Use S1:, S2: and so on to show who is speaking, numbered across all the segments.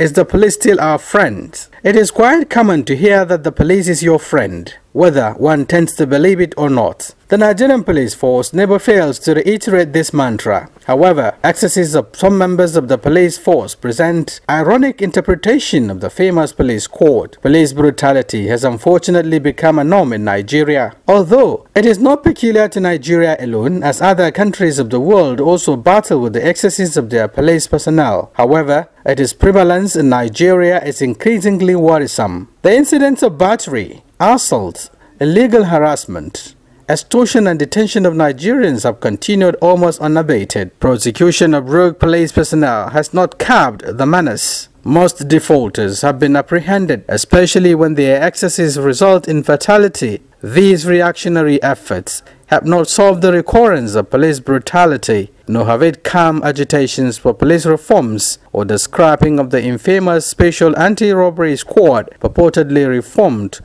S1: Is the police still our friend? It is quite common to hear that the police is your friend whether one tends to believe it or not. The Nigerian police force never fails to reiterate this mantra. However, excesses of some members of the police force present ironic interpretation of the famous police quote. Police brutality has unfortunately become a norm in Nigeria. Although it is not peculiar to Nigeria alone, as other countries of the world also battle with the excesses of their police personnel. However, its prevalence in Nigeria is increasingly worrisome. The incidents of battery, Assaults, illegal harassment, extortion and detention of Nigerians have continued almost unabated. Prosecution of rogue police personnel has not curbed the menace. Most defaulters have been apprehended, especially when their excesses result in fatality. These reactionary efforts have not solved the recurrence of police brutality, nor have it calmed agitations for police reforms or the scrapping of the infamous special anti-robbery squad purportedly reformed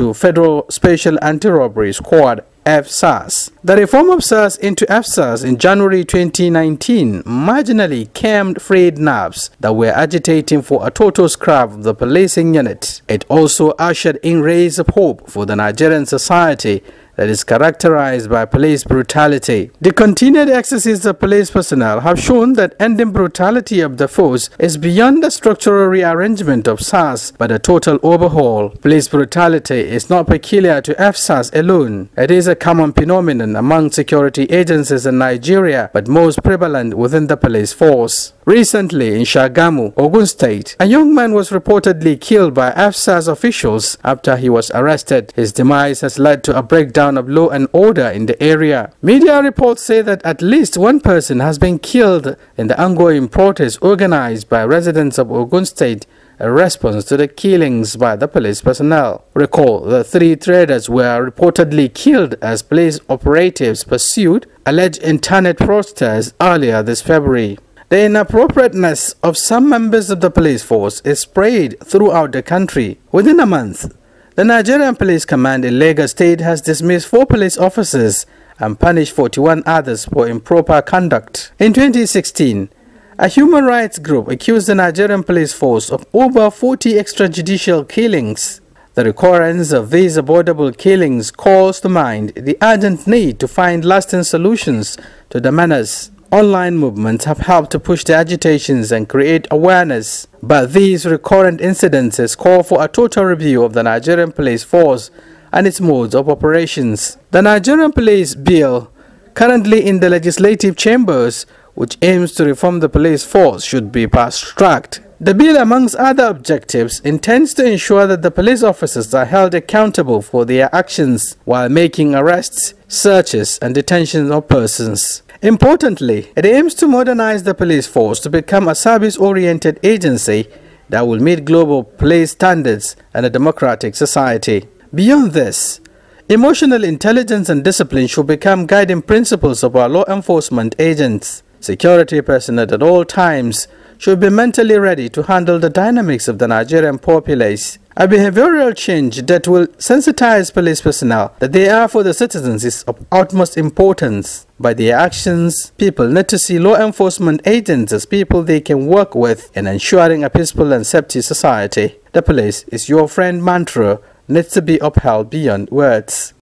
S1: to Federal Special Anti-Robbery Squad FSAS. The reform of SAS into FSAS in January 2019 marginally calmed frayed nerves that were agitating for a total scrap of the policing unit. It also ushered in rays of hope for the Nigerian society that is characterized by police brutality. The continued excesses of police personnel have shown that ending brutality of the force is beyond the structural rearrangement of SARS but a total overhaul. Police brutality is not peculiar to FSAS alone. It is a common phenomenon among security agencies in Nigeria but most prevalent within the police force. Recently in Shagamu, Ogun State, a young man was reportedly killed by FSAS officials after he was arrested. His demise has led to a breakdown breakdown of law and order in the area. Media reports say that at least one person has been killed in the ongoing protest organized by residents of Ogun State a response to the killings by the police personnel. Recall the three traders were reportedly killed as police operatives pursued alleged internet protesters earlier this February. The inappropriateness of some members of the police force is spread throughout the country. Within a month, the Nigerian Police Command in Lagos State has dismissed four police officers and punished 41 others for improper conduct. In 2016, a human rights group accused the Nigerian police force of over 40 extrajudicial killings. The recurrence of these avoidable killings calls to mind the urgent need to find lasting solutions to the menace online movements have helped to push the agitations and create awareness. But these recurrent incidences call for a total review of the Nigerian police force and its modes of operations. The Nigerian police bill, currently in the legislative chambers, which aims to reform the police force, should be fast-tracked. The bill, amongst other objectives, intends to ensure that the police officers are held accountable for their actions while making arrests, searches, and detentions of persons. Importantly, it aims to modernize the police force to become a service-oriented agency that will meet global police standards and a democratic society. Beyond this, emotional intelligence and discipline should become guiding principles of our law enforcement agents. Security personnel at all times should be mentally ready to handle the dynamics of the Nigerian populace. A behavioral change that will sensitize police personnel that they are for the citizens is of utmost importance. By their actions, people need to see law enforcement agents as people they can work with in ensuring a peaceful and safety society. The police is your friend mantra needs to be upheld beyond words.